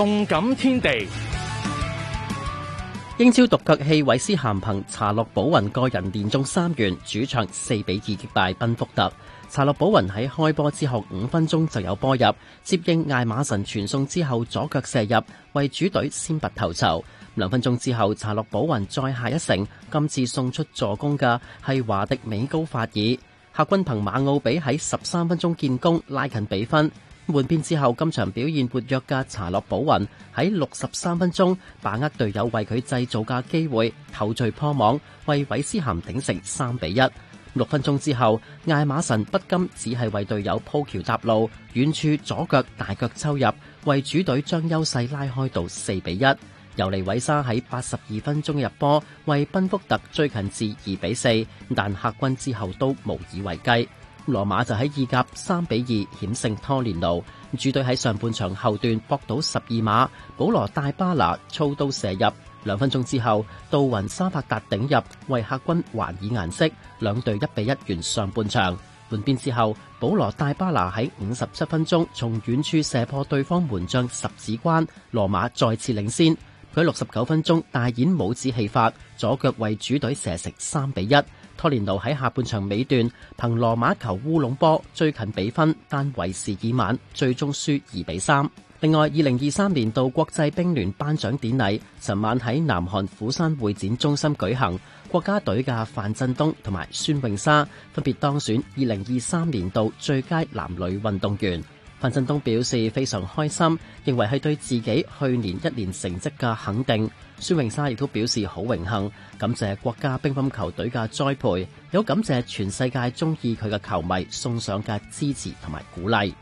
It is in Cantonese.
動感天地，英超獨腳戲韋斯咸憑查洛寶雲個人連中三元，主場四比二擊敗賓福特。查洛寶雲喺開波之後五分鐘就有波入，接應艾馬神傳送之後左腳射入，為主隊先拔頭籌。兩分鐘之後，查洛寶雲再下一城，今次送出助攻嘅係華迪美高法爾。客軍憑馬奧比喺十三分鐘建功，拉近比分。換邊之後，今場表現活躍嘅查洛寶雲喺六十三分鐘把握隊友為佢製造嘅機會，頭槌破網，為韋斯咸頂成三比一。六分鐘之後，艾馬神不甘只係為隊友鋪橋搭路，遠處左腳大腳抽入，為主隊將優勢拉開到四比一。尤尼韋沙喺八十二分鐘入波，為賓福特追近至二比四，但客軍之後都無以為繼。羅馬就喺意甲三比二險勝拖連奴，主隊喺上半場後段搏到十二碼，保羅大巴拿操刀射入，兩分鐘之後杜雲沙帕達頂入，為客軍還以顏色，兩隊一比一完上半場。換邊之後，保羅大巴拿喺五十七分鐘從遠處射破對方門將十指關，羅馬再次領先。佢六十九分鐘大演帽子戲法，左腳為主隊射成三比一。托連奴喺下半場尾段憑羅馬球烏龍波追近比分，但為時已晚，最終輸二比三。另外，二零二三年度國際乒聯頒獎典禮尋晚喺南韓釜山會展中心舉行，國家隊嘅樊振東同埋孫穎莎分別當選二零二三年度最佳男女運動員。范振東表示非常開心，認為係對自己去年一年成績嘅肯定。孫穎莎亦都表示好榮幸，感謝國家乒乓球隊嘅栽培，有感謝全世界鍾意佢嘅球迷送上嘅支持同埋鼓勵。